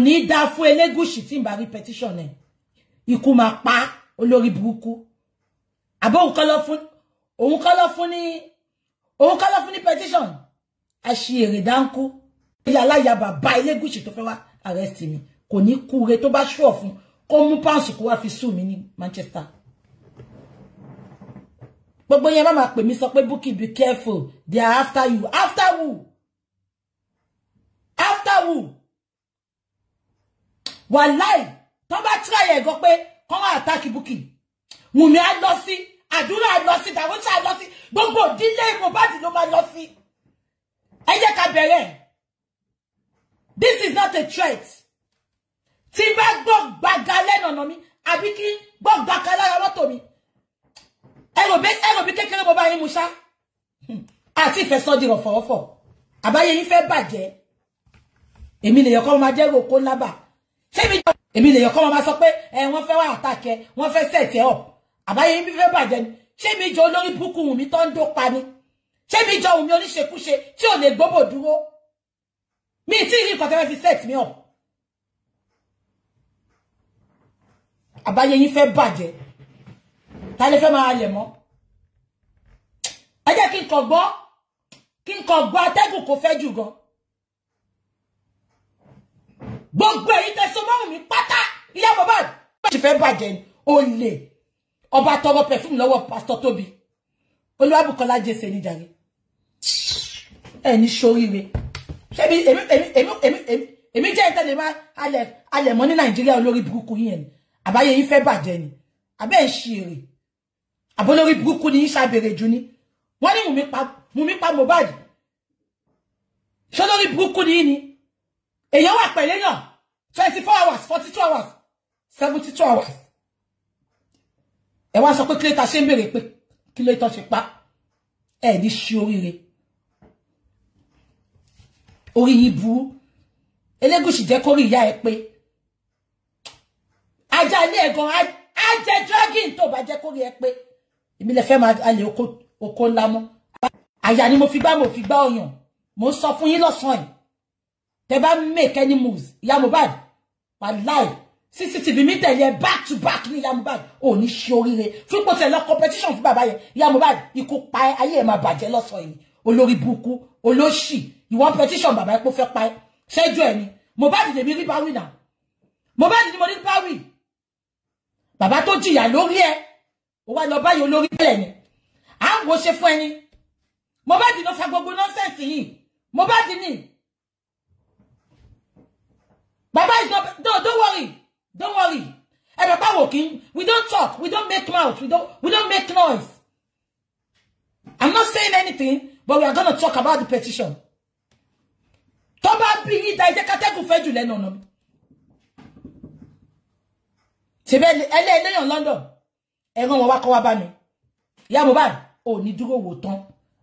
ní dá fu Elégùṣì tí n bá rí petition ẹ̀ ikú máa pa olórí burúkú àbọ̀ òun kọ́ lọ fún òun kọ́ lọ fún ní òun kọ́ lọ fún ní petition àṣìírè dáńkú ilé aláyàbà bá Elégùṣì tó fẹ́ wá arrest mi kò ní kúre tó bá ṣúọ̀ fún kó mú páùnsì kó wá fi mí ní Manchester gbogbo yẹn má máa pè mí sọ pé be careful they are after you after who after who wàláì tán bá tíráyà ẹ̀gọ́ pé kán wá àtàkì Bukky Wùnmí á lọ sí àdúrà lọ sí Dàwọ́sà lọ sí gbogbo ìdílé Mohbad ló máa lọ ká bẹ̀rẹ̀ this is not a threat tí bá gbọ́ gbàgà lẹ́nu ọ̀nà mi àbí ya gbọ́ gbàgà lára mọ́tò mi ẹ̀rọ bí kékeré mo bá yín mu ṣá àti ìfẹ́ sọ́dí ọ̀fọ̀ọ̀fọ̀ àbáyé yín fẹ́ bàjẹ́ èmi lèyàn kọ́ máa jẹ́ ròkó èmi lèyàn kọ́ máa sọ pé ẹ wọ́n fẹ́ wá àtàkẹ́ wọ́n fẹ́ sẹ̀tẹ̀ ọ̀ àbáyé ń fẹ́ bàjẹ́ ni ṣé mi jọ olórí búkú wùmí tó ń dópa ni ṣé mi jọ wùmí oníṣekúṣe tí ò lè gbóbò dúró mi tí ìlú nǹkan tẹ́lẹ̀ fi set mi ọ̀ àbáyé yín fẹ́ bàjẹ́ ta lè fẹ́ máa lẹ̀ mọ́ ẹ kin kí Kin kàn gbọ́ kí n atẹ́gùn kò fẹ́ gbogbo èyí tẹsán mọ́rùn mi pátá ìyá bàbá ṣe fẹ́ bàjẹ́ ni ó lè ọba tọrọ pẹ̀fúmù lọ́wọ́ pásítọ̀ tóbi olúwàbùkọ́lá jẹ́sẹ̀ ní jàre ẹ̀ ní sóríire ṣebí èmi èmi èmi èmi èmi jẹ́ pastor alẹ̀ mọ́ ní nàìjíríà olórí burúkú yìí ẹ̀ni àbáyé yìí fẹ́ bàjẹ́ ni àbẹ́ ẹ̀ ṣe èrè àbólórí burúkú ni yìí ṣàbẹ̀rẹ̀ jù ni wọ́n ní wùmí pa wùmí pa Mohbad ṣọlórí burúkú ni yìí ni èèyàn wà pẹ̀lẹ́yàn 24 hours, 42 hours, 72 hours. Ẹ wá sọ pé kílé ta ṣe ń bèrè pé kílé tán ṣe pa. Ẹ ní ṣe oríire. Orí yìí burú. Elégùsì jẹ́ kórì ìyá ẹ pé. Ajá ilé ẹ̀gàn á jẹ dragon tó bá jẹ́ kórì ẹ pé. Èmi lè fẹ́ máa alè oko ńlá mọ́. Àyà ni mo fi gbá mo fi gbá ọyàn. Mo sọ fún yín lọ́sàn-án Tẹ́ bá make any moves. Ìyá Mohbad wàláì cctv mi tẹ̀lé back to back ní ìyá Mohbad ò ní ṣe oríire fipò tẹ̀lé competition fún bàbá yẹn ìyá Mohbad ikú pa ẹ ayé ẹ máa bàjẹ́ lọ́sàn yìí olórí burúkú olóṣì ìwọ petition bàbá ẹ kó fẹ́ pa ẹ ṣẹ́jú ẹ ni Mohbad lèmi rí báwì náà Mohbad ni mo rí báwì bàbá tó jìyà lórí ẹ ó wá lọ báyìí olórí bẹ́ẹ̀ ni à ń wo ṣe fún ẹni Mohbad ló fa gbogbo ni. yìí Mohbad ni. Baba is not. No, don't worry. Don't worry. And Baba walking. We don't talk. We don't make mouth. We don't. We don't make noise. I'm not saying anything, but we are going to talk about the petition. London,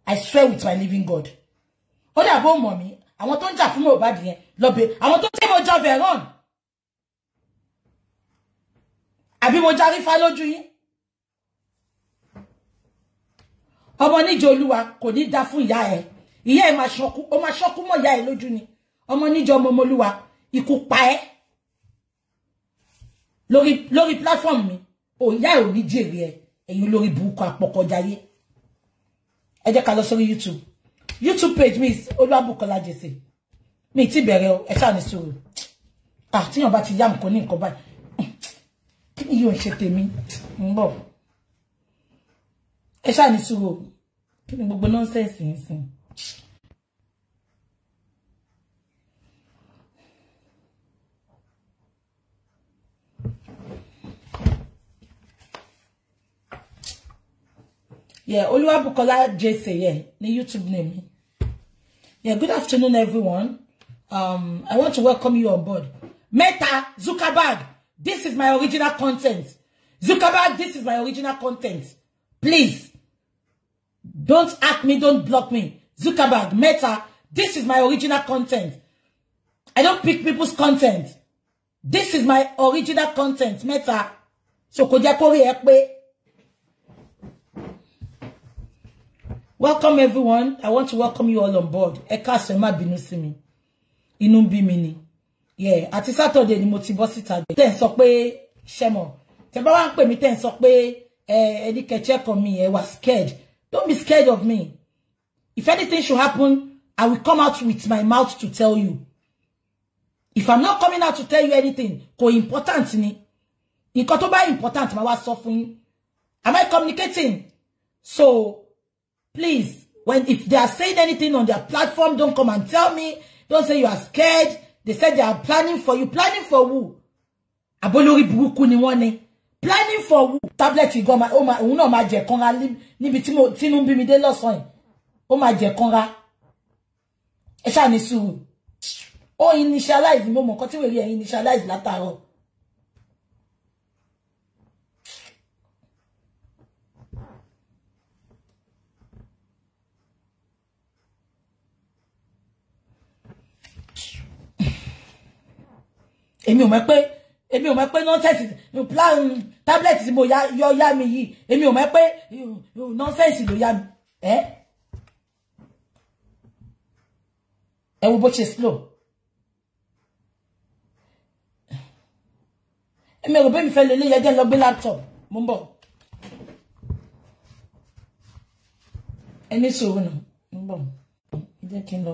I swear with my living God. Ó dàbó àwọn tó ń jà fún Mohbad yẹn lọ́bẹ̀ àwọn tó tẹ́ mo jà veron àbí mo jarí fa lójú yín ọmọ níjọ olúwa kò ní dá fún ìyá ẹ ìyá ẹ máa ṣọkú ó máa ṣọkú mọ́ ìyá ẹ lójú ni ọmọ níjọ ọmọ olúwa ikú pa ẹ́ lórí lórí platform mi ò ìyá ẹ ò ní jèrè ẹ ẹ̀yin olórí burúkú apọkọjáyé ẹ jẹ́ ká lọ sórí YouTube. YouTube page mi is Olúwabùkọ́lá Jesse Me ti bẹ̀rẹ̀ o ẹ ṣáà ní sùúrù ah tíyàn bá ti yá nǹkan ní nǹkan báyìí kí ni yóò ṣe tèmi ń bọ̀ ẹ ṣáà ní sùúrù kí ni gbogbo nọ́ńsẹ̀nsì ń yeah Oluwabukola JC. yeah ní YouTube name Yeah, good afternoon, everyone. Um, I want to welcome you on board. Meta, Zuckerberg, this is my original content. Zuckerberg, this is my original content. Please, don't act me, don't block me. Zuckerberg, Meta, this is my original content. I don't pick people's content. This is my original content, Meta. So, could you kó Welcome everyone. I want to welcome you all on board. Eka káàsán, ẹ má bínú mi. Inú ń Yeah, àti Saturday ni mo ti ten sokwe gbé. Tẹ́ ń sọ pé ṣẹ́mọ̀. Tẹ́ bá wá ń pè mí tẹ́ ń sọ pé ẹ mi ẹ wà scared. Don't be scared of me. If anything should happen, I will come out with my mouth to tell you. If I'm not coming out to tell you anything, kò important ni. Nǹkan tó bá important, màá wá suffering. Am I communicating? So, Please, when if they are saying anything on their platform, don't come and tell me. Don't say you are scared. They said they are planning for you. Planning for who? Abolori ni Planning for who? Tablet you go my oh òun know ma jẹ kanra níbi tí mo tínú mi dé lọ́sàn-án yìí. Ó ma jẹ kanra. Ẹ ní Ó initialize mo mọ̀ nǹkan ẹ̀ initialize lataro. èmi ò mọ̀ pé èmi ò mọ̀ pé nọ́ńsẹ̀sì plan tablet tí mo yọ yá mi yìí èmi ò mọ̀ pé nọ́ńsẹ̀sì ló yá mi ẹ́ eh? ẹ wo bó ṣe slow èmi ò bẹ́ẹ̀ mi fẹ́ lè lé yẹjẹ́ lọ gbé laptop mo ń bọ̀ ẹni sòwò nà ń bọ̀ jẹ́ kí n lọ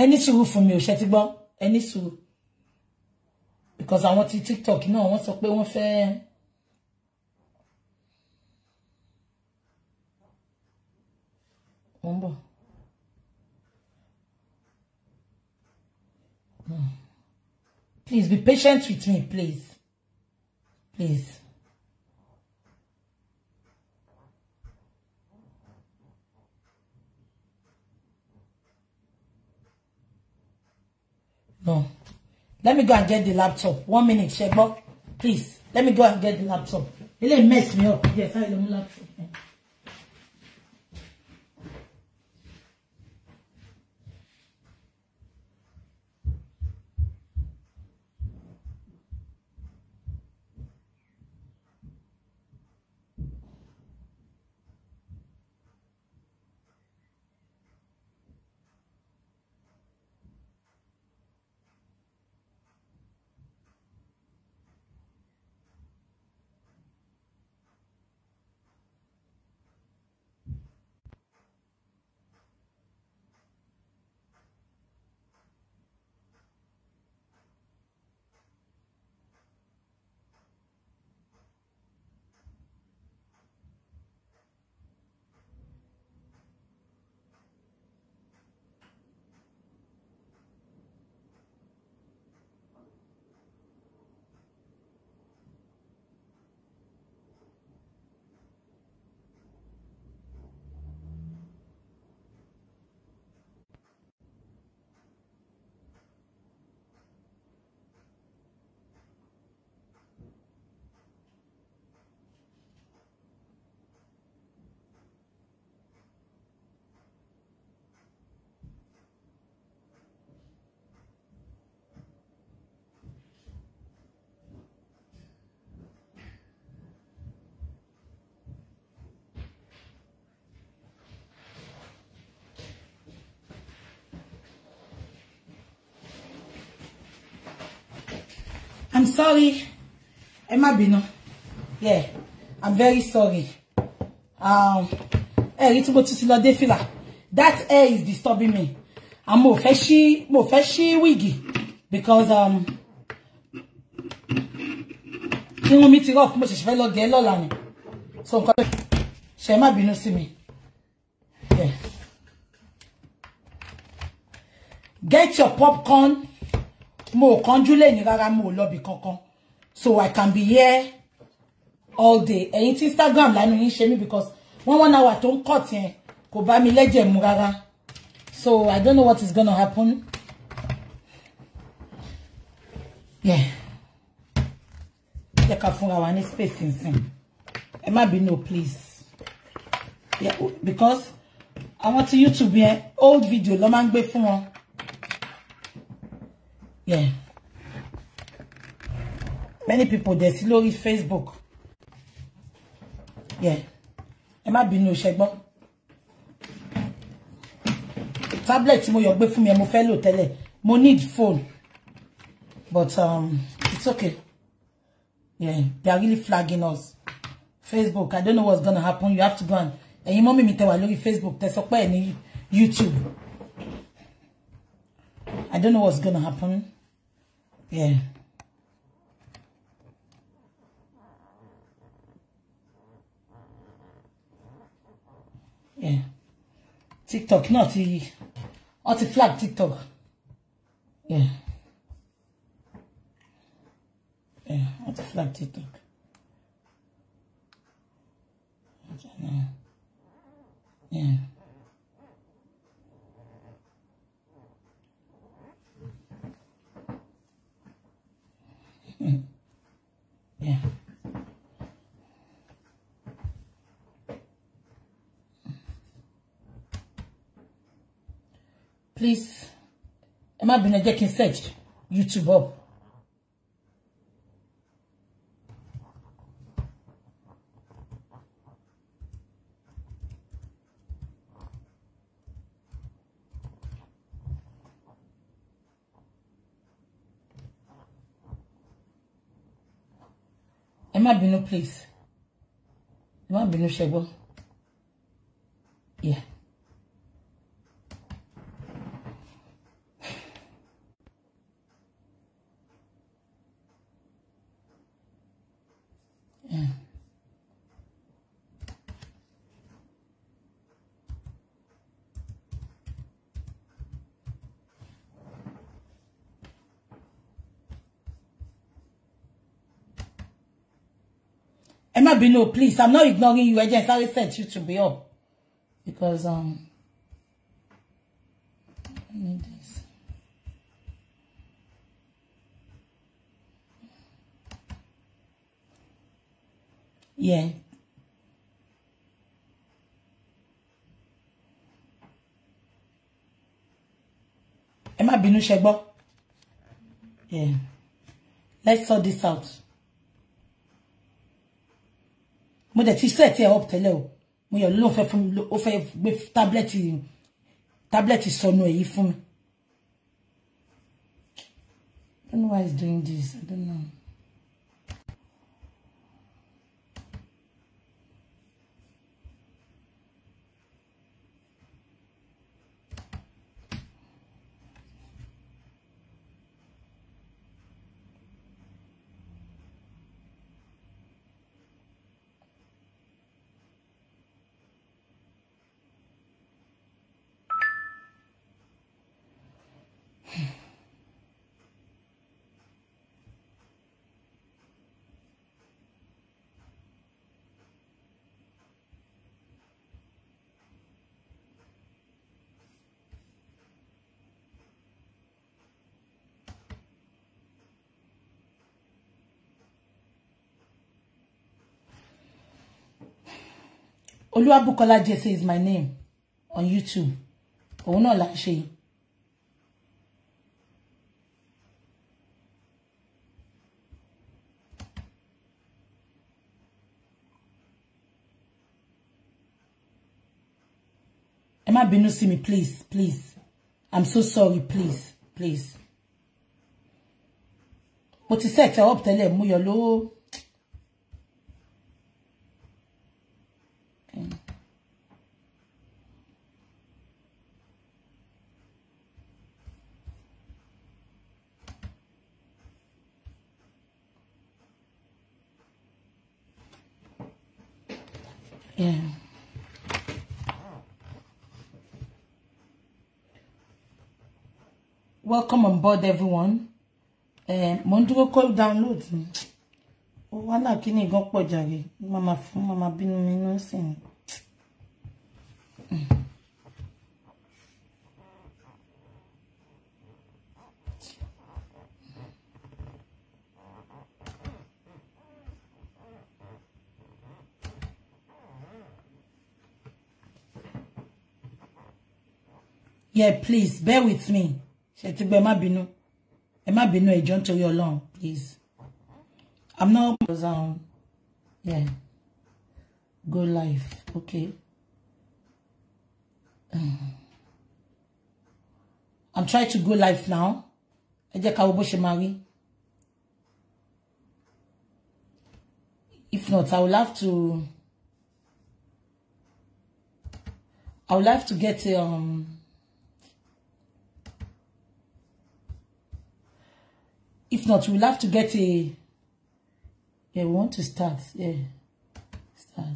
ẹni sòwò fún mi ò ṣe ti gbọ́ ẹni sòwò because I want to tiktok you know. I want to play one ń bọ̀. Hmm. please be patient with me please please. Let me go and get the laptop. One minute, Shebo. Please. Let me go and get the laptop. Ele mess me up. Yes, I have the laptop. I'm sorry. Ẹ má bínú. Yeah. I'm very sorry. Um, hey, let's go to dé de That air is disturbing me. I'm more ṣí, more fẹ́ wiggy Because, um, irun mi ti rough, mo ṣẹ̀ṣẹ̀ fẹ́ lọ gẹ̀ lọ́la ni. So, nǹkan might be bínú sí mi. Yeah. Get your popcorn mo kánjú lẹ́yìn rárá mo lọ́bì kankan so i can be here all day ẹ̀yin tí instagram lánàá yín ṣe mí because one one hour tó ń kọ̀ tiẹ̀ kò bá mi lẹ́jẹ̀ mu rárá so i don't know what is gonna happen. Yeah. Jẹ́ ká fúnra wa ní space nsìn. Ẹ má no, please. Yeah, because I want YouTube here, old video ló máa ń gbé fún wọn. Yeah. Many people, they still use Facebook. Yeah. Ẹ má bínú ṣe gbọ́. Tablet you mo yọ gbé fún mi mo fẹ́ tẹ́lẹ̀. Mo need phone. But um it's okay. Yeah, they are really flagging us. Facebook, I don't know what's gonna happen. You have to go and ẹ̀yin mọ́mì me i wà lórí Facebook There's sọ YouTube. I don't know what's gonna happen. Yeah. Yeah. TikTok náà ti wọ́n ti flag TikTok. Yeah. Yeah, wọ́n ti flag TikTok. Yeah. yeah. Yeah. Please, am I being a dick in search YouTube up. place. Má bínú ṣẹgbọ́n. No, please i'm not ignoring you I just sáré sent you to be up because um I need this. yeah ẹ bínú ṣe yeah let's sort this out. mo dẹ̀ ti set ẹ̀ up tẹ́lẹ̀ o mo yọ̀ ló fẹ́ fún mi ó fẹ́ gbé tábìlẹ̀tì so sọnù ẹ̀ yìí fún I don't know why he's doing this. I don't know. Oluwabukola Jesse is my name on YouTube. Oh no, like she. ṣe yìí. Ẹ má bínú sí please, please. I'm so sorry, please, please. Mo ti set up to let me alone. Come on board everyone. Eh, mo ń dúró kó download ni. Ó wá náà kí ni gan pọ̀ jàre. Màmá fún màmá bínú mi inú sí Yeah, please bear with me. ṣe it gbẹ be bínú I don't tell you alone, please i'm not because um yeah go live okay i'm trying to go live now if not i will have to i will have to get a um. If not, we'll have to get a... Yeah, we want to start. Yeah. Start.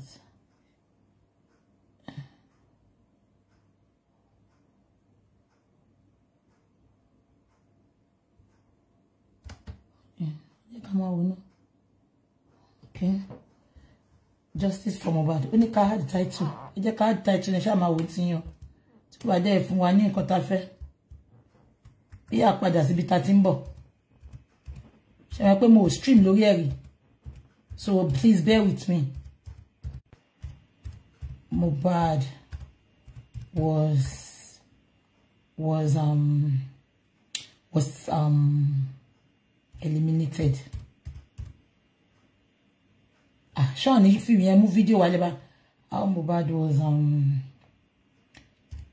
Yeah. Come on, Okay. Justice from Mohbad. Ó ní ká add title. Ẹ jẹ́ title ẹ ṣáà máa wò tí yàn. Tí kò bá dé fún wa ní nǹkan tá a fẹ́. Bí a padà síbi tá a ti ń bọ̀ ṣe mọ̀ pé mo pe mo stream lórí ẹ̀rí so please bear with me Mohbad was was um was um eliminated ah Sean, if you yẹn mú video, wálé bá how Mohbad was um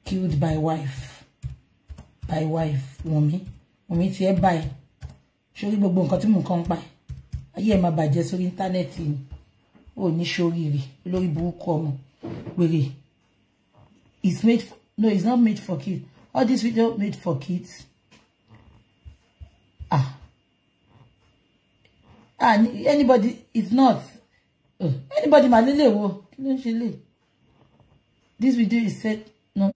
killed by wife by wife mommy, mommy, tiẹ̀ báyìí sórí gbogbo nǹkan tí mò ń kàn ń pa ayé ẹ̀ máa bàjẹ́ sórí íńtánẹ́ẹ̀tì ni ò ní sóríire olórí burúkú ọmọ wèrè it's made for, no it's not made for kids all this video made for kids ah ah anybody it's not uh, anybody mà nílé wo kí ló lè this video is set no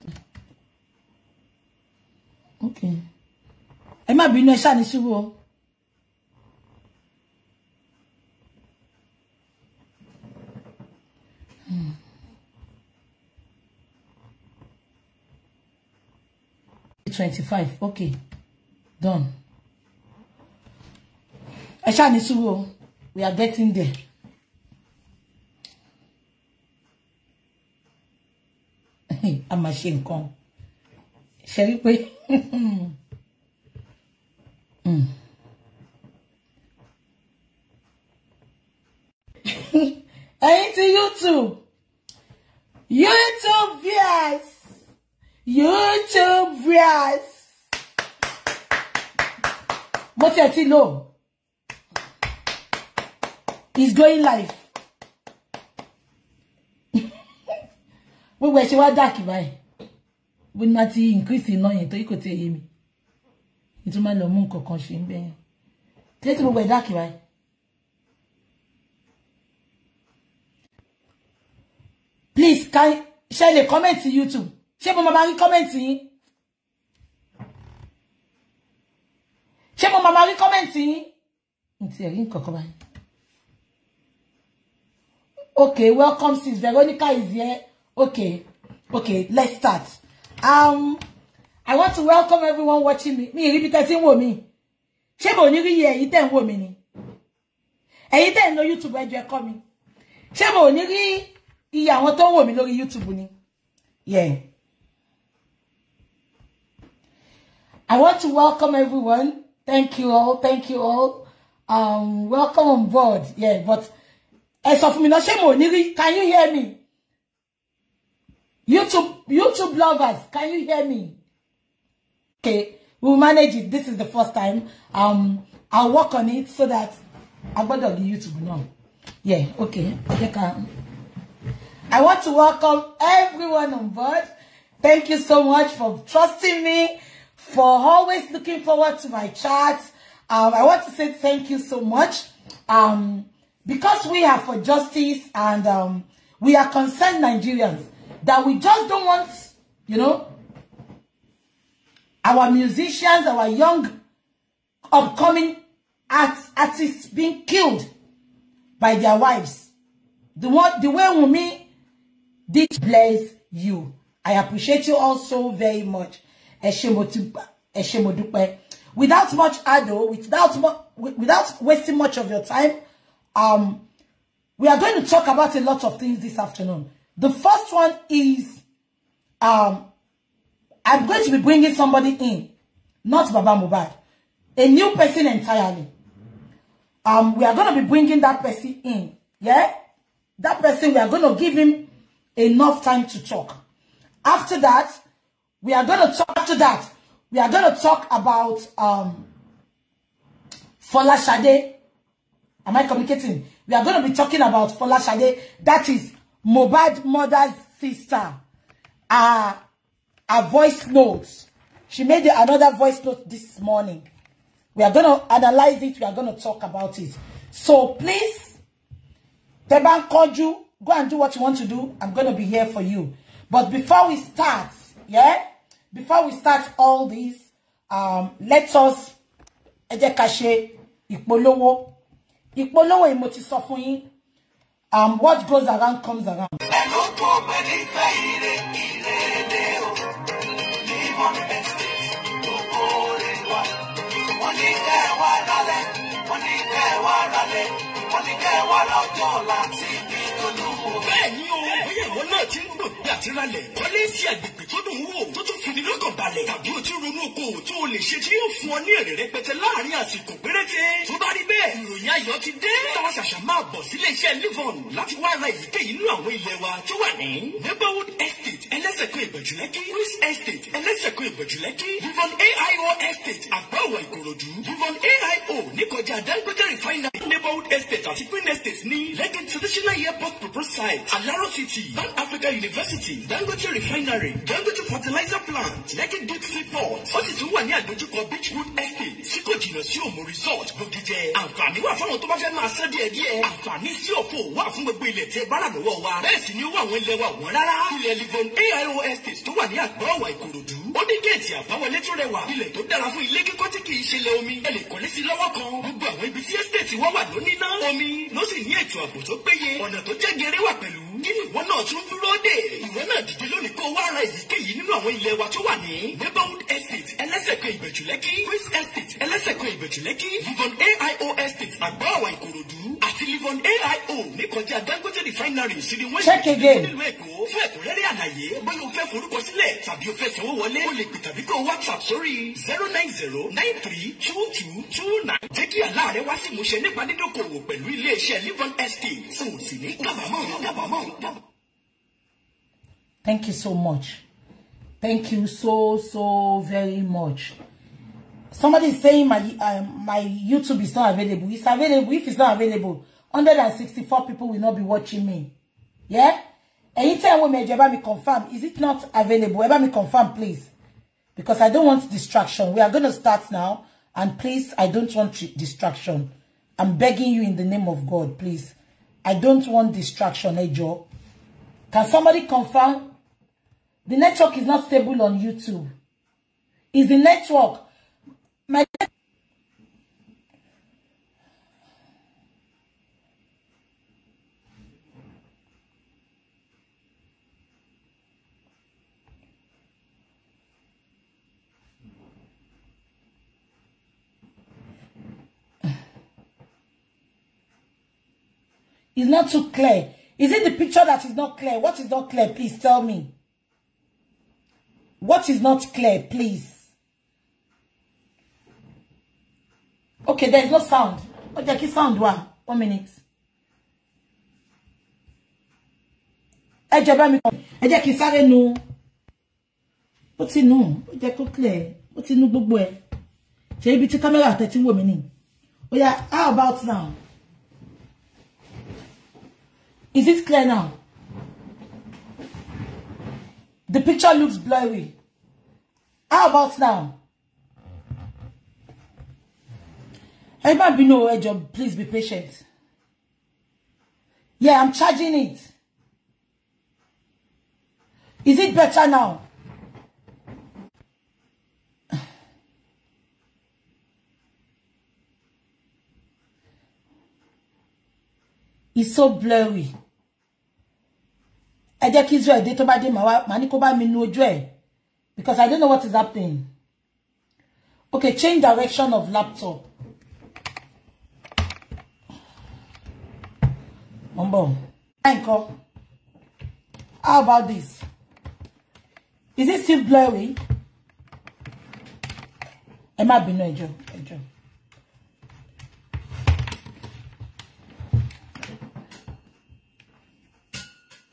okay ẹ má bínú ẹ ṣáà ní ṣubú o. 25 okay done I shall ní sùúrù we are getting there. a machine Come, shall we? I'm ẹ̀yin YouTube YouTube yes. YouTube viewers. Mo ti ẹ̀ It's going live. We ẹ̀ ṣe that dàkì báyìí. Bó ni increase iná yẹn So you could ì yé It's Nítorí máa lọ mú nǹkan kan ṣe ń bẹ́ yẹn. Please, can share the comment to YouTube ṣé mo mama rí kọ́mẹ̀ntì yín ṣé mo mama rí kọ́mẹ̀ntì yín ntí ẹ̀rí nkankan báyìí. Okay, welcome sis Veronica is here. Okay, okay, let's start. Um, I want to welcome everyone watching me. Me ìrí bí wò mí. Ṣé mo ní rí yẹ èyí tẹ́ ń wò mí ni? Èyí wo mi ni ń lo YouTube ẹjọ́ ẹ̀kọ́ coming? Ṣé mo ní rí iye àwọn tó ń wò mí lórí YouTube ni? Yeah. I want to welcome everyone. Thank you all. Thank you all. Um, welcome on board. Yeah, but as of me, can you hear me? YouTube, YouTube lovers, can you hear me? Okay, we'll manage it. This is the first time. Um, I'll work on it so that I am gonna the YouTube now. Yeah, okay. I want to welcome everyone on board. Thank you so much for trusting me for always looking forward to my chats. Um, I want to say thank you so much. Um, because we are for justice and um, we are concerned Nigerians that we just don't want, you know, our musicians, our young upcoming art, artists being killed by their wives. The, one, the way Wumi did bless you. I appreciate you all so very much without much ado without without wasting much of your time um we are going to talk about a lot of things this afternoon the first one is um I'm going to be bringing somebody in not Baba Mubad, a new person entirely um we are going to be bringing that person in yeah that person we are going to give him enough time to talk after that we are going to talk to that. We are going to talk about um, Fola Shade. Am I communicating? We are going to be talking about Fola Shade. That is Mobad mother's sister. Uh, a voice note. She made another voice note this morning. We are going to analyze it. We are going to talk about it. So please, Teban you. go and do what you want to do. I'm going to be here for you. But before we start, yeah before we start all this um let us ẹ jẹ́ ká ṣe ìpolówó ìpolówó yìí mo ti sọ fún yín um what goes around comes around. ẹnu tó pẹ́ ní fẹ́ ire ire dé o ní one estate gbogbo rẹ̀ wá wọ́n ní kẹ́ wá lálẹ́ wọ́n ní kẹ́ wá lálẹ́ wọ́n ní kẹ́ wá lọ́jọ́ ọ̀la sí i bẹ́ẹ̀ o bóyá ìwọ náà ti ń gbòògbé àti ralẹ̀ kọ́lé sí àgbègbè tó dùn wò tó tún fini lọ́kàn balẹ̀ tàbí o ti ronú okòwò tó o lè ṣe tí yóò fún ọ ní èrè rẹpẹtẹ láàrin àsìkò péréte tó bá rí bẹ́ẹ̀ ìròyìn ayọ̀ ti dé táwa ṣàṣà máa bọ̀ sílé iṣẹ́ livon láti wá ra èyíkéyìí nínú àwọn ilẹ̀ wa tó wà ní neighborhood estate ẹlẹ́sẹ̀kọ́ ìbẹ̀jùlẹ́kí chris estate ẹlẹ́sẹ̀kọ́ ìbẹ̀jùlẹ́kí livon aio estate àgbáwọ̀ ìkòròdú livon aio níkọjá dangote refinery neighborhood estate àti queen estate ní lẹ́gẹ̀ẹ́ traditional airport proposal site, Alaro City, Pan Africa University, Dangote Refinery, Dangote Fertilizer Plant, Lekki Duke Seaport, ó sì tún wà ní àdójúkọ Beachwood Estate, tí kò jìnnà sí Òmù Resort Bódìjẹ. Àǹfààní wà fáwọn tó bá fẹ́ máa sán díẹ̀ díẹ̀. Àǹfààní sí òfò wà fún gbogbo ilẹ̀ tí ẹ bára lọ́wọ́ wa. Bẹ́ẹ̀ sì ni ó wà àwọn ilẹ̀ wa wọ́n rárá. Ilẹ̀ Livon AIO Estate tó wà ní àgbọ̀ ọ̀wà Ìkòròdú. Ó ní géètì àbáwọlé tó rẹwà. Ilẹ̀ tó dára fún ilé kíkọ́ tí kì í ṣe ilẹ̀ omi. Ẹ lè kọ́lé sí lọ́wọ́ kan. Gbogbo àwọn ibi tí estate wọ́n wà lónìí ná. Omi ló sì ní ètò ààbò tó péye. Ọ̀nà tó jẹ́ gere wà pẹ̀lú kí ni ìwọ náà tún dúró dè ìwọ náà dìde lónìí kó wá èyíkéyìí nínú àwọn ilẹ̀ wa tó wà ní neighborhood estate ẹlẹ́sẹ̀kan ìbẹ̀jú estate ẹlẹ́sẹ̀kan ìbẹ̀jú livon aio estate àgbọ̀wà ìkòròdú àti livon aio níkọjá dangote refinery ìṣirí wọn ṣe nílùú èkó fún ẹ̀kúnrẹ́rẹ́ àlàyé bóyá o fẹ́ forúkọsílẹ̀ tàbí o fẹ́ sanwó wọlé o lè pè tàbí kó whatsapp sórí zero nine zero nine three two two two nine jẹ́ kí àlá rẹ wá sí ìmúṣẹ nípa dídókòwò pẹ̀lú iléeṣẹ́ livon estate fún òsì ní kábàámọ̀ kábàámọ̀ kábàámọ̀. Thank you so much. Thank you so, so very much. Somebody is saying my uh, my YouTube is not available. It's available. If it's not available, 164 people will not be watching me. Yeah? Anytime we may ever me confirm, is it not available? Ever me confirm, please. Because I don't want distraction. We are going to start now. And please, I don't want distraction. I'm begging you in the name of God, please. I don't want distraction, Ejo. Can somebody confirm the network is not stable on YouTube. Is the network. My It's not too clear. Is it the picture that is not clear? What is not clear? Please tell me. What is not clear, please? Okay, there is no sound. Okay, kí sound One. One minute. Ẹ jẹ́ bá mi kọ́. Ẹ jẹ́ kí sáré nu. Ó No. nu. Ó clear. What is ti nu gbogbo ẹ̀. Ṣé ibi tí kámẹ́rà tẹ̀ tí ń wò mí ni? Ó how about now? Is it clear now? The picture looks blurry. How about now? Ẹ might be no job. please be patient. Yeah, I'm charging it. Is it better now? It's so blurry. I just kiss Israel I tó bá dé màá ní kó because I don't know what is happening. Okay, change direction of laptop. Mumbo. Anchor. How about this? Is it still blurry? It might be no, ẹjọ́.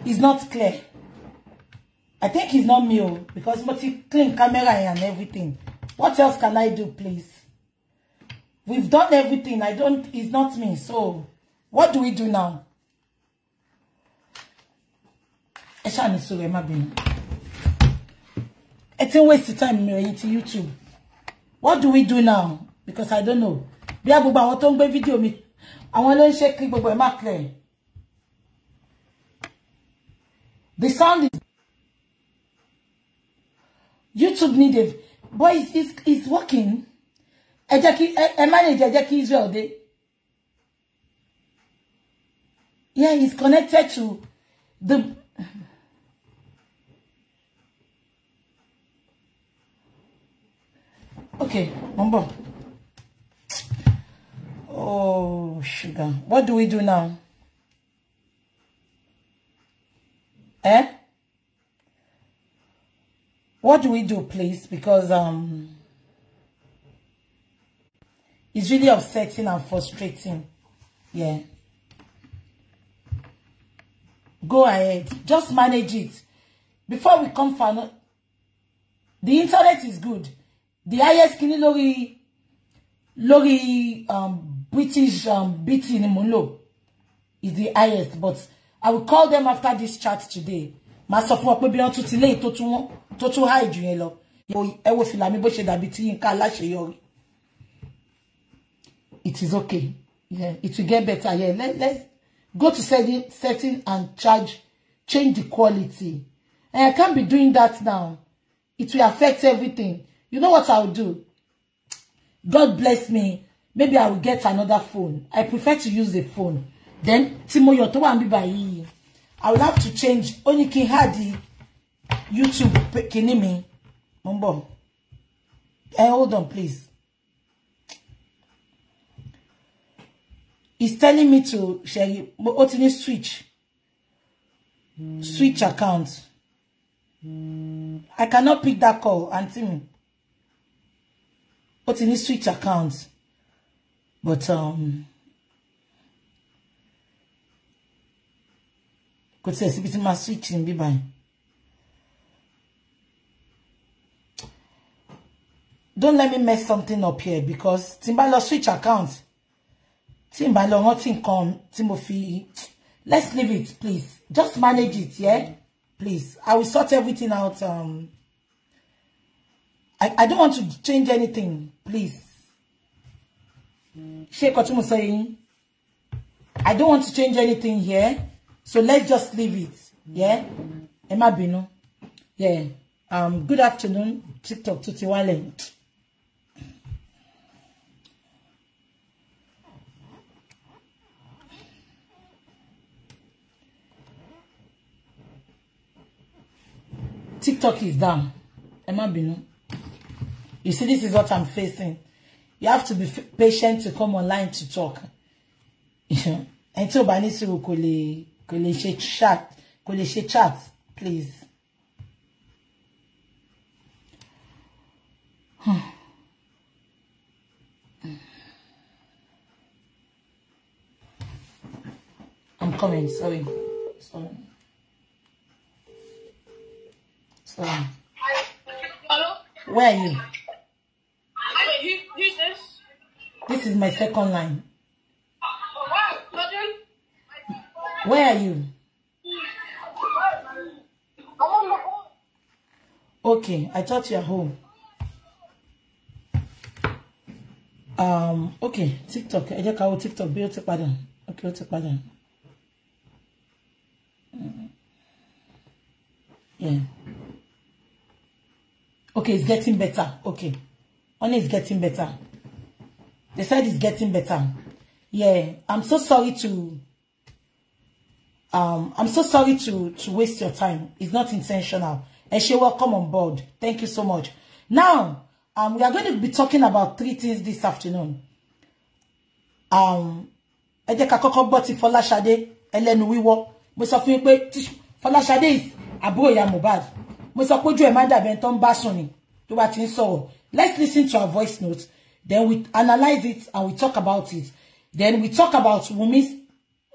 It's not clear. I think he's not me because multi clean camera and everything. What else can I do, please? We've done everything. I don't, it's not me. So, what do we do now? Eshani Surema Bin. It's a waste of time mirror into YouTube. What do we do now? Because I don't know. Bí agbogbo àwọn tó ń gbé video me. I want to ṣe kí gbogbo ẹ̀ The sound is YouTube needed. a boy it's, it's, working. A jẹ́ kí ẹ manage Israel Yeah, he's connected to the Okay, Mumbo. Oh, sugar. What do we do now? What do we do, please? Because um, it's really upsetting and frustrating. Yeah. Go ahead. Just manage it. Before we come for the internet is good. The highest kini lori lori um British um BT in mo is the highest, but I will call them after this chat today sọ fún pé bí tún ti tó tún wọ́n tó tún jù yẹn lọ ẹ wo mi bó ṣe dàbí tí it is okay yeah, it will get better yeah let let go to setting setting and charge change the quality and I can't be doing that now it will affect everything you know what I will do God bless me maybe I will get another phone I prefer to use a phone then timo mo yọ tó wà níbí báyìí I will have to change Only can kí n YouTube can mi me. ń and hold on please he's telling me to share. ó ti ní switch switch account I cannot pick that call aunty mi ó ti ní switch account but um. kò tiẹ̀ síbi tí máa switch níbí báyìí. don't let me mess something up here because tí n bá lọ switch account tí n bá lọ rántí nǹkan tí mo fi let's leave it please just manage it yeah please i will sort everything out um i i don't want to change anything please ṣé kò mo sọ yín i don't want to change anything here So let's just leave it. Yeah. Emma má bínú. Yeah. Um, good afternoon, TikTok tó ti TikTok is down. Emma má bínú. You see, this is what I'm facing. You have to be patient to come online to talk. Until know, until kò Keleche chat. Keleche chat, please. Hmm. I'm coming, sorry. Sorry. Sorry. Hello? Where are you? Wait, who, who's this? This is my second line. Where are you? Okay, I thought you're home. Um, okay, TikTok. I just call TikTok Be ó ti padà. Okay, ó ti padà. Mm. Yeah. Okay, it's getting better. Okay. Honey, it's getting better. The side is getting better. Yeah, I'm so sorry to um i'm so sorry to to waste your time it's not intentional and she welcome on board thank you so much now um we are going to be talking about three things this afternoon um ẹ jẹ́ ká kọ́kọ́ gbọ́ ti Fọláṣadé ẹlẹ́nu wíwọ́ mo sọ fún yín pé Fọláṣadé is àbúrò ya Mohbad mo sọ pé ojú ẹ̀ má dàbẹ̀ tó ń ni tó bá ti ń let's listen to her voice notes, then we analyze it and we talk about it then we talk about Wunmi's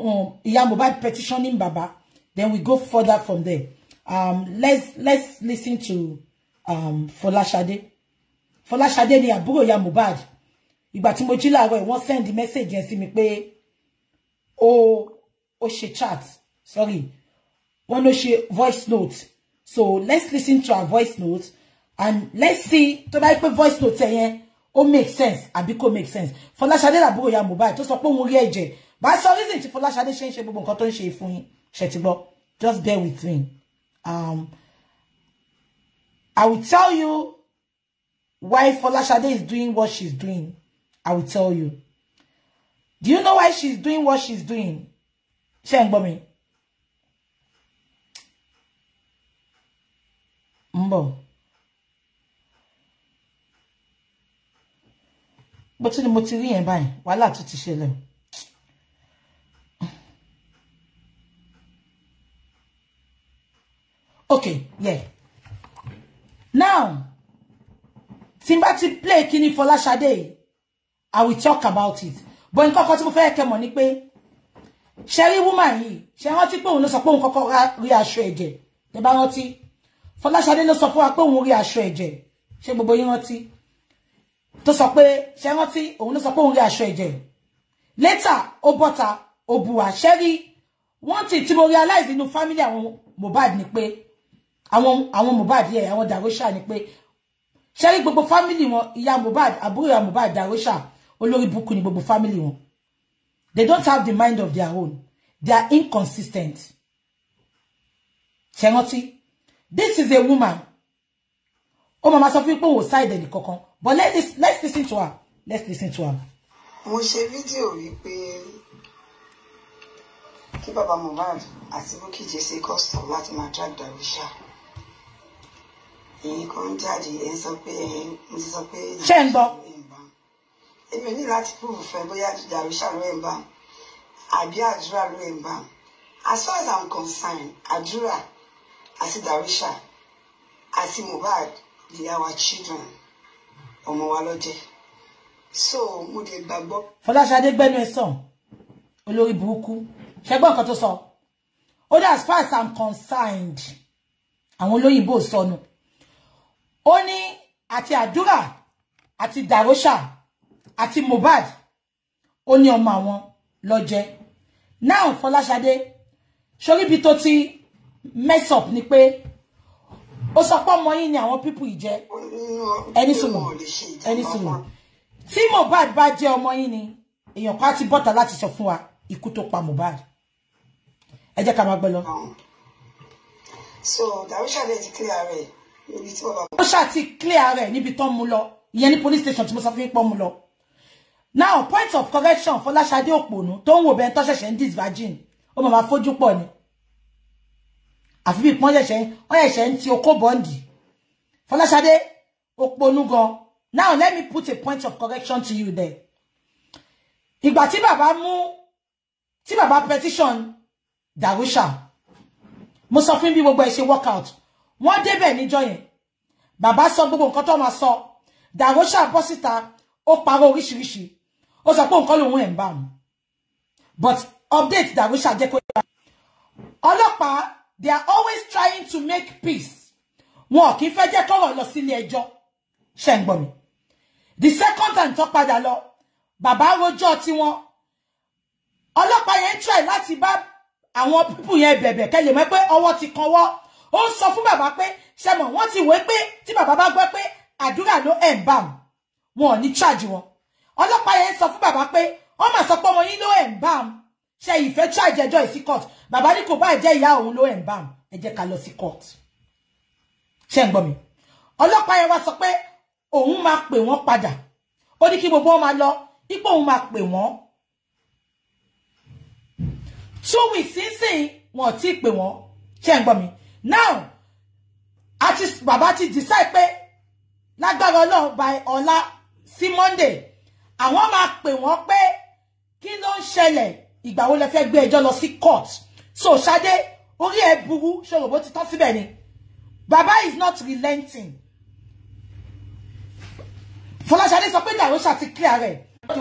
um Iya mobile petitioning Baba. Then we go further from there. Um, let's let's listen to um Folashade. Folashade ni àbúrò Iya Mohbad. Ìgbà tí mo jí láàárọ̀ wọ́n send the message yẹn sí mi pé ó ó ṣe chat. Sorry. Wọ́n ló she voice note. So let's listen to her voice note and let's see tó bá pé voice note yẹn ó make sense àbí kò make sense. Folashade làbúrò Iya Mohbad tó sọ pé òun rí eje bá so reason tí Fọláṣadé ṣe ń ṣe gbogbo nǹkan tó ń ṣe fún yín ṣe ti gbọ́ just bear with me um, I will tell you why Fọláṣadé is doing what she's doing I will tell you do you know why she's doing what she's doing ṣé ń gbọ́ mi. mbọ̀ bó tún ni mo ti rí yẹn báyìí wàhálà tún ti ṣẹlẹ̀ o. okay yeah now tí n bá ti play kíní Fọláṣadé i will talk about it but nǹkan kan tí Kemoni fẹ́ Sherry woman yìí ṣe rántí pé òun ló sọ pé òun kọ́kọ́ rí aṣọ ẹ̀jẹ̀ tẹ bá rántí Fọláṣadé ló sọ fún wa pé òun rí aṣọ ẹ̀jẹ̀ ṣé gbogbo yín rántí tó sọ pé ṣe rántí òun ló later ó bọ́ta ó buwà ṣe rí wọ́n ti tí mo realize nínú family àwọn Mohbad ni pé àwọn àwọn yẹ àwọn Darosha ni pé ṣẹ́rí gbogbo wọn ìyá àbúrò Darosha olórí ni gbogbo wọn they don't have the mind of their own they are inconsistent ṣẹrántí this is a woman ó máa sọ fún pé òun ò ṣáìdẹ̀ but let's, let's listen to her let's listen to her. mo ṣe kí bàbá àti custom láti drag Darosha. èyí kan ń jáde ẹ̀ ń sọ pé mo ti sọ pé. ṣé ń gbọ́. èmi ní láti púpù fẹ́ bóyá jàrúṣà ló ń bá àbí àdúrà ló ń bá as far as i'm concerned àdúrà àti jàrúṣà àti Mohbad di our children ọmọ wa lọ́jẹ́ so mo lè gbàgbọ́. Fọláṣadé gbẹnu ẹ sàn olórí burúkú ṣẹgbọn nǹkan tó sọ ó dà as far as i'm concerned àwọn olóyìnbó sọnù. So, ó ní àti àdúrà àti dàrósà àti Mohbad ó ní ọmọ àwọn ló jẹ now Fọláṣadé sórí ibi tó ti mess up ni pé ó sọ pé ọmọ yìí ni àwọn pípù ìjẹ ẹni sùnmù ẹni sùnmù tí Mohbad bá jẹ ọmọ yìí ni èèyàn kan á ti bọ́ta láti sọ fún wa ikú tó pa Mohbad ẹ jẹ́ ká máa gbẹ lọ. so dàrúṣà lè di clear rẹ̀. ó ṣàti clear rẹ̀ níbi tán mú lọ ìyẹn ní police station tí mo sọ fún pọ́ mú lọ now point of correction for Fọláṣadé Òpònú tó ń wò bẹ́ẹ̀ tó ṣẹ̀ṣẹ̀ ń dis virgin ó máa fojú pọ̀ ni àfi bí pọ́n ṣẹ̀ṣẹ̀ ó ṣẹ̀ṣẹ̀ ń ti okó bọ́ǹdì Fọláṣadé Òpònú gan now let me put a point of correction to you there ìgbà tí bàbá mú tí bàbá petition Darusha mo sọ fún bí gbogbo ẹ ṣe workout wọ́n débẹ̀ níjọ́ yẹn bàbá sọ gbogbo nǹkan tó máa sọ dàrósà bọ́ ó parọ́ oríṣiríṣi ó sọ pé nǹkan lòun ẹ̀ ń bá mu but update dàrósà jẹ́ kó yẹ they are always trying to make peace wọn kì í fẹ́ jẹ́ kọ́rọ̀ lọ sílé ẹjọ́ ṣe ń gbọ́ mi the second time tó padà lọ bàbá rojọ́ tiwọn ọlọ́pàá yẹn try láti bá àwọn people yẹn bẹ̀bẹ̀ kẹ́ lè mọ̀ pé ọwọ́ ti kanwọ́ ó sọ fún bàbá pé ṣe mọ̀ wọ́n ti wé pé tí bàbá bá gbọ́ pé àdúrà ló ẹ̀ ń bà wọn charge wọn ọlọ́pàá yẹn sọ fún bàbá pé wọ́n mà sọ pé ọmọ yín ló ẹ̀ ń bá mu charge ẹjọ́ ìsí court Baba ni kò bá ìjẹ́ ìyá òun ló ẹ̀ ń bá mu ẹ jẹ́ court ṣe ń gbọ́ mi ọlọ́pàá yẹn wá sọ pé òun máa pè wọ́n padà ó ní kí gbogbo wọn máa lọ ipò òun máa pè wọ́n two weeks sínsìn wọn ò tí ì pè wọ́n ṣe mi now artist Babati disciple decide pé lágbára by ọ̀la Simonde. I want my pay, wọ́n pay. kí Shelley ń ṣẹlẹ̀ ìgbà wo lẹ fẹ́ gbé ẹjọ́ lọ sí court so ṣadé orí ẹ burú ṣòro bó ti tán síbẹ̀ bàbá is not relenting fọláṣadé sọ pé dàrósà ti clear rẹ̀ ṣé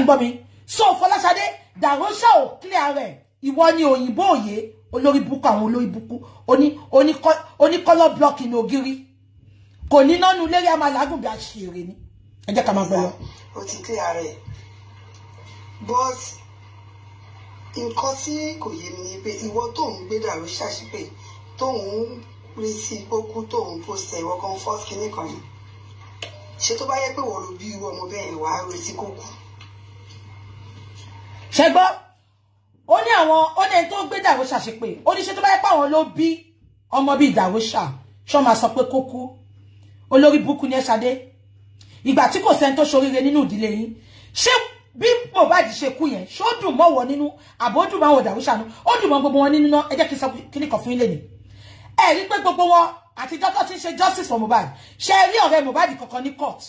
ń gbọ́ mi so fọláṣadé dàrósà ò clear rẹ̀ want ni òyìnbó òye olórí burúkú àwọn olórí burúkú oníkọ́lọ́ blọ́ọ̀kì ní ògiri kò ní nánú lérí a máa làágùn bí a ṣe èrè ni ẹ jẹ́ ká máa gbọ́ lọ. o ti dé ààrẹ but nǹkan tí kò yé mi ni pé ìwọ to ń gbé dàrú ṣàṣìpè tó ń retí pókú tó ń pòṣẹ ìwọ kan fọ́ọ̀sì kìíní kan ni ṣé tó bá yẹ pé wọ́n lo bí irú ọmọ bẹ́ẹ̀ wàá retí kó kú ó ní àwọn ó ní ẹni tó ń gbé dàwóṣà ṣe pé ó ní ṣe tó bá yẹ pé àwọn ló bí ọmọ bíi dàwóṣà ṣọ máa sọ pé kó kú olórí burúkú ni ẹ ṣadé ìgbà tí kò sẹ́ni tó ṣoríire nínú ìdílé yín ṣé bí Mohbad ṣe kú yẹn ṣó dùn mọ́ wọ nínú àbò ó dùn mọ́ àwọn dàwóṣà nù ó dùn mọ́ gbogbo wọn nínú náà ẹ kí n sọ kíní kan fún ilé ni ẹ rí pé gbogbo wọn àtijọ́ tó ti ń ṣe justice for Mohbad ṣe rí ọ̀rẹ́ Mohbad kankan ní court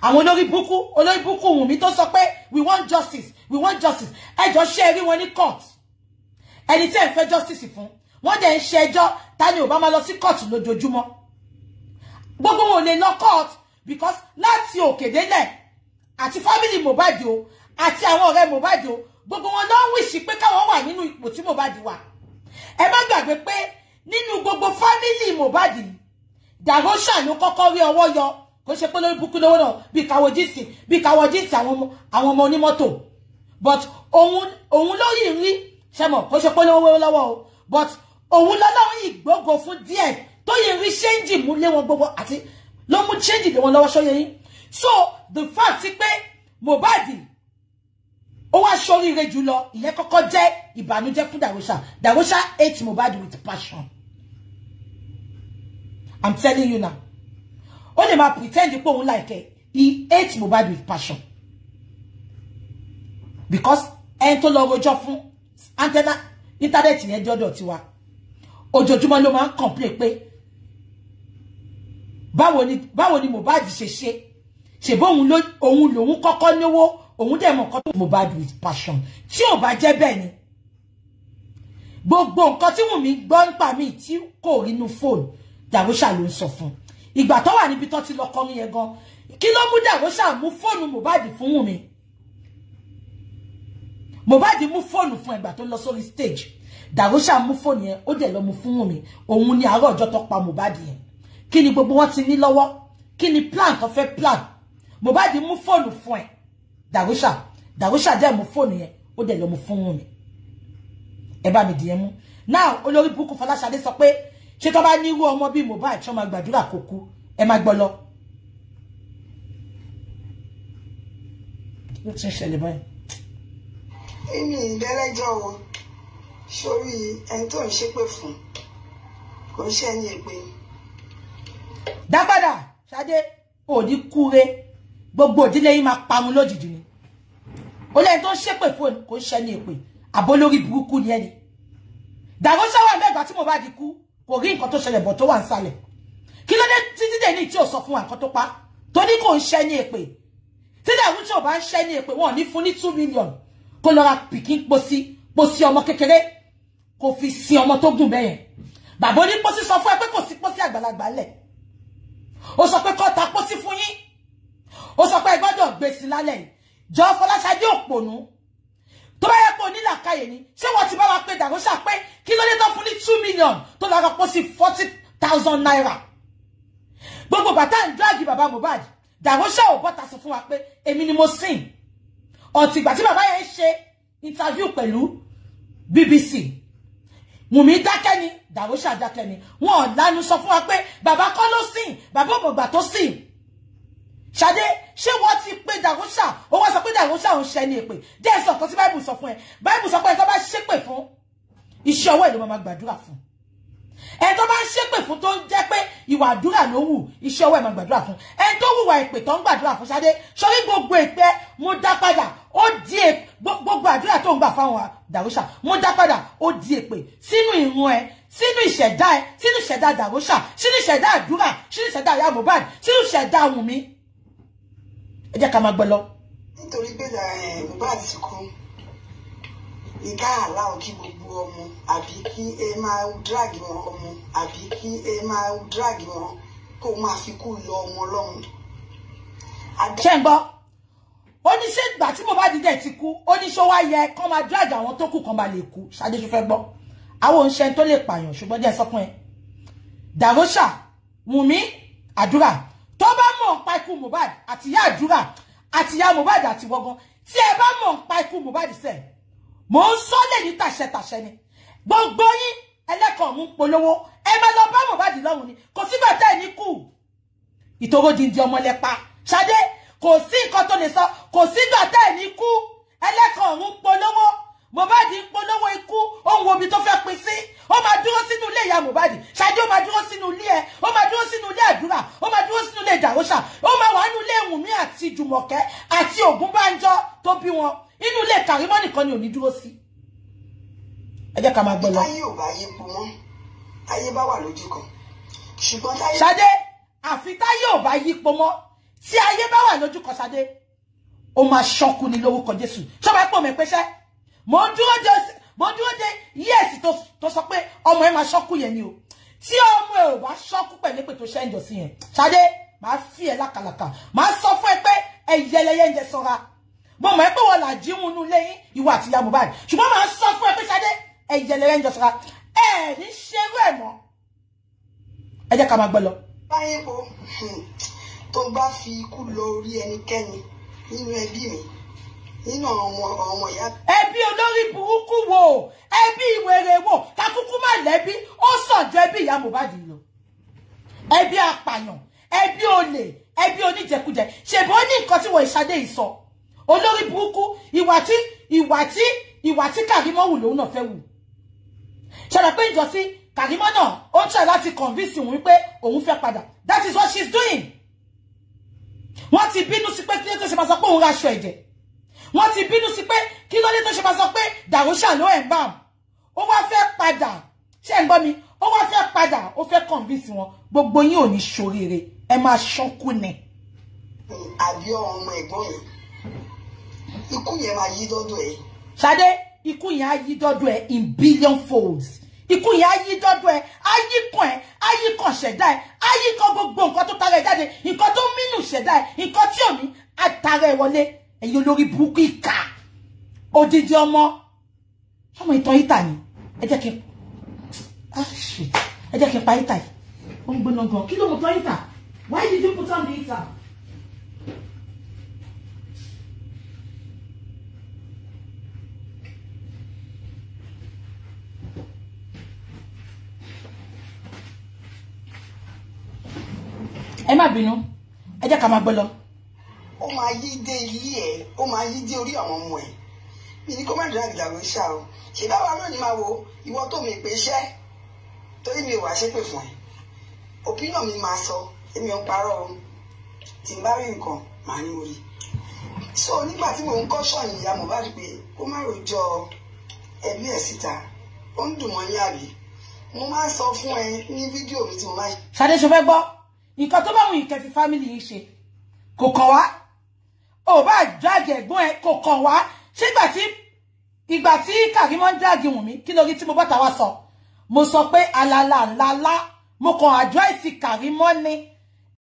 àwọn olórí olórí tó sọ pé we want justice we want justice ẹjọ́ ṣe rí wọn ní court ẹni tí ẹ̀ ń fẹ́ justice fún wọ́n want ń ṣe ẹjọ́ ta ni ò bá máa lọ sí court lójoojúmọ́ gbogbo wọn ò lè lọ court because láti òkè délẹ̀ àti family Mohbad o àti àwọn ọ̀rẹ́ Mohbad o gbogbo wọn ló ń wíṣì pé káwọn wà nínú ipò tí Mohbad wà ẹ má gbàgbé pé nínú gbogbo family Mohbad ló kọ́kọ́ rí ọwọ́ yọ kò ṣe pé buku burúkú lówó náà bí kàwọ́ jíìsì bí kàwọ́ jíìsì àwọn ni moto, but òun òun ló yìí rí ṣẹ́mọ̀ kò ṣe pé owo lọ́wọ́ o but òun lọ́lọ́run ìgbógo fún díẹ̀ tó yẹ rí ṣéǹjì mú lé wọn gbogbo àti ló mú change lé wọn lọ́wọ́ ṣọ́yẹ yín so the fact pé Mohbad ó wá ṣoríire jùlọ ìyẹn kọ́kọ́ jẹ́ da fún da dàwọ́ṣà hate Mohbad with passion I'm telling you now only lè pretend you pé not like it. he hates Mohbad with passion because ẹni tó lọ fún antenna internet yẹn dọ́dọ̀ tiwa ojoojúmọ́ ló máa ń complain pé báwo ni báwo ni Mohbad ṣe ṣe ṣèbó òun ló òun lòun kọ́kọ́ lówó òun dẹ̀ mọ̀ nǹkan with passion tí ò bá jẹ́ bẹ́ẹ̀ ni gbogbo nǹkan tí Wùnmí gbọ́ nípa mi tí kò rí da wo Dàrúṣà ló sọ fún ìgbà tó wà níbi tó ti lọ kọrin yẹn gan kí ló mú dàgbò ṣàmú fóònù Mohbad fún Wùnmí Mohbad mú fún ìgbà tó lọ sórí stage Da ṣàmú fóònù yẹn ó dẹ̀ lọ mú fún Wùnmí òun ni àárọ̀ ọjọ́ tó pa Mohbad yẹn kí ni gbogbo wọn ti ní lọ́wọ́ kí plan tó fẹ́ plan Mohbad mú fóònù fún ẹ̀ dàgbò ṣà dàgbò ṣà dẹ̀ mú fóònù yẹn ó dẹ̀ lọ mú fún Wùnmí ẹ bá mi now olórí buku Fọláṣadé sọ pé ṣé tó bá níwú ọmọ bíi Mohbad tí wọ́n máa gbàdúrà kó kú ẹ máa gbọ́ lọ. ló ti ń ṣẹlẹ̀ báyìí. èmi ìdẹ́lẹ́jọ́ wo sórí ẹni tó ń ṣépè fún kò ń ṣe ẹni èpè. dá padà ṣáde òní kúre gbogbo ìdílé yìí máa pamọ́ lójijì ni ó lẹ́yìn tó ń ṣépè fún kò ń ṣe ẹni èpè àbólórí burúkú ni ẹni dàgbọ́sọ́wọ́ ẹ̀mẹ́gbà tí mo bá di kú kò rí nǹkan tó ṣẹlẹ̀ bọ̀ tó wà nsàlẹ̀ kí ló dé títí dé ní tí ò sọ fún wa nǹkan tó pa tó ní kò ń ní èpè títí àwọn tí ò bá ń ní èpè wọn ò ní fún ní two million kó lọ ra pikin pósí pósí ọmọ kékeré kò fi sin ọmọ tó gùn bẹ́yẹn bàbá oní pósí sọ fún ẹ pé kò sí pósí àgbàlagbà lẹ̀ ó sọ pé kọ́ ta pósí fún yín ó sọ pé ẹ gbọ́dọ̀ gbèsè lálẹ́ yìí jọ Fọláṣadé òpònú tó bá yẹ la onílàkàyè ni ṣé wọ́n ti bá wa pé dàgóṣà pé kí ló dé tó fún ní two million tó lọ sí forty thousand naira gbogbo bàtà ń dráàgì bàbá Mohbad dàgóṣà ò bọ́ta sọ fún wa pé èmi ni mo sìn ọ̀tìgbà tí bàbá yẹn ṣe interview pẹ̀lú BBC Wùmí dákẹ́ ni dàgóṣà dákẹ́ ni wọn ò lanu sọ fún wa pé bàbá kọ́ ló sìn bàbá tó sìn. Shade, ṣé what ti pé dàgúṣà ó wá sa pé dàgúṣà òun ṣẹ ní èpè díẹ̀ sọ kan tí báìbù sọ fún ẹ báìbù sọ pé ẹ tó bá ṣépè fún iṣẹ́ ọwọ́ ẹ̀ ló máa gbàdúrà fún ẹ tó bá ṣépè fún tó jẹ́ pé ìwà àdúrà ló wù iṣẹ́ ọwọ́ ẹ̀ máa gbàdúrà fún ẹ tó wùwà èpè tó ń gbàdúrà fún ṣadé sọrí gbogbo èpè mo dá padà ó di go gbogbo àdúrà tó ń gbà da dàgúṣà mo dá padà ó di èpè sínú ìran ẹ sínú ìṣẹ̀dá ẹ sínú ìṣẹ̀dá dàgúṣà sínú ìṣẹ̀dá àdúrà sínú ìṣẹ̀dá ìyá Mohbad sínú sheda Wùnmí ẹ jẹ́ ká máa gbẹ lọ. nítorí pé eh, bàbá àtìkú ìka àláwọ kí gbogbo ọmọ àbí kí ẹ máa drag wọn ọmọ àbí kí ẹ máa drag wọn kó máa fi kú lọ ọmọ lọ́hùn. ṣé ń gbọ́ ó ní ṣé ìgbà tí Mohbad dẹ̀ ti kú ó ní ṣó wá yẹ kán máa drag àwọn tó kù kán bá lè kú ṣáde ṣe fẹ́ gbọ́ àwọn òǹṣẹ́ tó lè pààyàn ṣùgbọ́n jẹ́ sọ fún ẹ dàrósà wùnmí àdúrà tó bá mọ̀ ń pa ikú Mohbad àtìyá àdúrà àtìyá àti wọ́gán tí ẹ bá mọ̀ ń ikú Mohbad sẹ̀ mò ń sọ lẹ́yìn tàṣẹtàṣẹ ni gbogbo yín ẹlẹ́kọ̀ọ́ mú polówó ẹ máa lọ bá Mohbad lọ́hùn ni kò tẹ́ ní kù ìtòrò dìndì ọmọlẹ́pa ṣadé kò sí nǹkan tó lè sọ kò sígbà tẹ́ ní kú ẹlẹ́kọ̀ọ́ mú polówó Mohbad ń polówó ikú ohun omi tó fẹ́ pin sí ó máa dúró sínú ilé ìyá Mohbad Ṣadé ó máa dúró sínú ilé ẹ ó máa dúró sínú ilé àdúrà ó máa dúró sínú ilé ìdàwọ́sà ó máa wà nínú ilé Wùnmí àti Jùmọ̀kẹ́ àti Ògúnbánjọ tó bí wọn inú ilé Kàrímọ́ nìkan ni ò ní dúró sí. ẹ jẹ́ ká máa gbọ́ lọ. táyé ò bá yé bu mọ́ táyé bá wà lójú kan ṣùgbọ́n táyé. Ṣadé àfi táyé ò bá yí po mọ́ tí ayé bá wà lójú kan Ṣadé ó máa ṣọ́kù ní lórúkọ Jésù ṣọ́ mo dúró de mo yes tó tó sọ pé ọmọ ẹ ma ṣọ́kù yẹn ni o tí ọmọ ẹ ò bá ṣọ́kù pẹ̀lú pé tó ṣe ń jọ sí yẹn ṣadé màá fi ẹ lákàlàkà màá sọ fún ẹ pé ẹyẹlẹyẹ ń jẹ sanra mo mọ̀ ẹ́ pé wọ́n là jí wọn nú lẹ́yìn ìwà àti ìyá Mohbad ṣùgbọ́n màá sọ fún ẹ pé ṣadé ẹyẹlẹyẹ ń jẹ sanra ẹ ní ṣerú ẹ mọ́ ẹ jẹ́ ká máa gbẹ lọ. báyìí o hmm, tó bá fi ikú lọ orí ẹnikẹ́ni nínú ẹbí mi nínú ọmọ ọmọ ìyá. ẹbí olórí burúkú wo ẹbí ìwèrè wo kakúkú má lẹ́bí ó sàn ju ẹbí ìyá Mohbad lọ ẹbí apàyàn ẹbí olè ẹbí oníjẹkújẹ ṣèbó ní nǹkan tí wọ́n ìṣadé ìsọ olórí burúkú ìwà tí ìwà tí ìwà tí Kàrímọ́ wù lòun náà fẹ́ wù ṣẹlẹ̀ pé ìjọsí Kàrímọ́ náà ó try láti convince òun wípé òun fẹ́ padà that is what she's is doing wọ́n ti bínú sí pé kí tó ṣe máa sọ pé òun raṣọ ẹ̀jẹ̀ wọ́n ti bínú sí pé kí ló dé tó ṣe máa sọ pé dàrúṣà ló ẹ̀ ń bàm ó wá fẹ́ padà ṣé ń gbọ́ mi ó wá fẹ́ padà ó fẹ́ convince wọn gbogbo yín ò ní ṣoríire ẹ máa ṣánkú ni. àbí ọmọ ẹ̀gbọ́n yẹn ikú yẹn máa yí dọ́dọ̀ ẹ̀. ṣadé ikú yẹn á yí dọ́dọ̀ ẹ̀ in billion folds ikú yẹn á yí dọ́dọ̀ ẹ̀ á yí kan ẹ̀ á yí kan ṣẹ̀dá ẹ̀ á yí kan gbogbo nǹkan tó tara ẹ̀ jáde nǹkan tó mínú ṣẹ̀dá ẹ̀ nǹkan tí ò ní wọlé ẹ̀yin olórí burúkú ìkà odidi ọmọ ọmọ ìtàn ìtà ni ẹ jẹ́ kí n ah shit ẹ jẹ́ kí n pa ìtà yìí ó ń gbóná gan kí ló mú tán ìtà why did you put on the ìtà. ẹ má bínú ẹ jẹ́ ká máa gbọ́ lọ ó máa yí dé ilé ẹ ó máa yí dé orí àwọn ọmọ ẹ mi ní kó má dìrà ìdàgbò ṣá o ṣe báwa náà ni máa wo ìwọ tó mi pè iṣẹ́ torí mi ò wá ṣépè fún ẹ opinion mi máa sọ èmi ò ń o tí n bá rí nǹkan màá ní orí so nígbà tí mò ń kọ́ ṣọ̀yìn ìyá Mohbad pé kó má rojọ́ ẹ̀mí ẹ̀ síta ó ń dùn mọ́ ní àbí mo máa sọ fún ẹ ní fídíò mi tí mo máa. ṣàdéṣe fẹ́ gbọ́ nǹkan tó bá wù yín kẹfì fámìlì yìí ṣe kò kàn wá ò bá dragi ẹ̀gbọ́n ẹ kò kàn wá ṣégbà tí ìgbà tí Karimo ń dragi Wunmi kí lórí tí mo bọ́ta wá sọ mo sọ pé alala ńláńlá mo kàn àjọ àìsí Karimo ni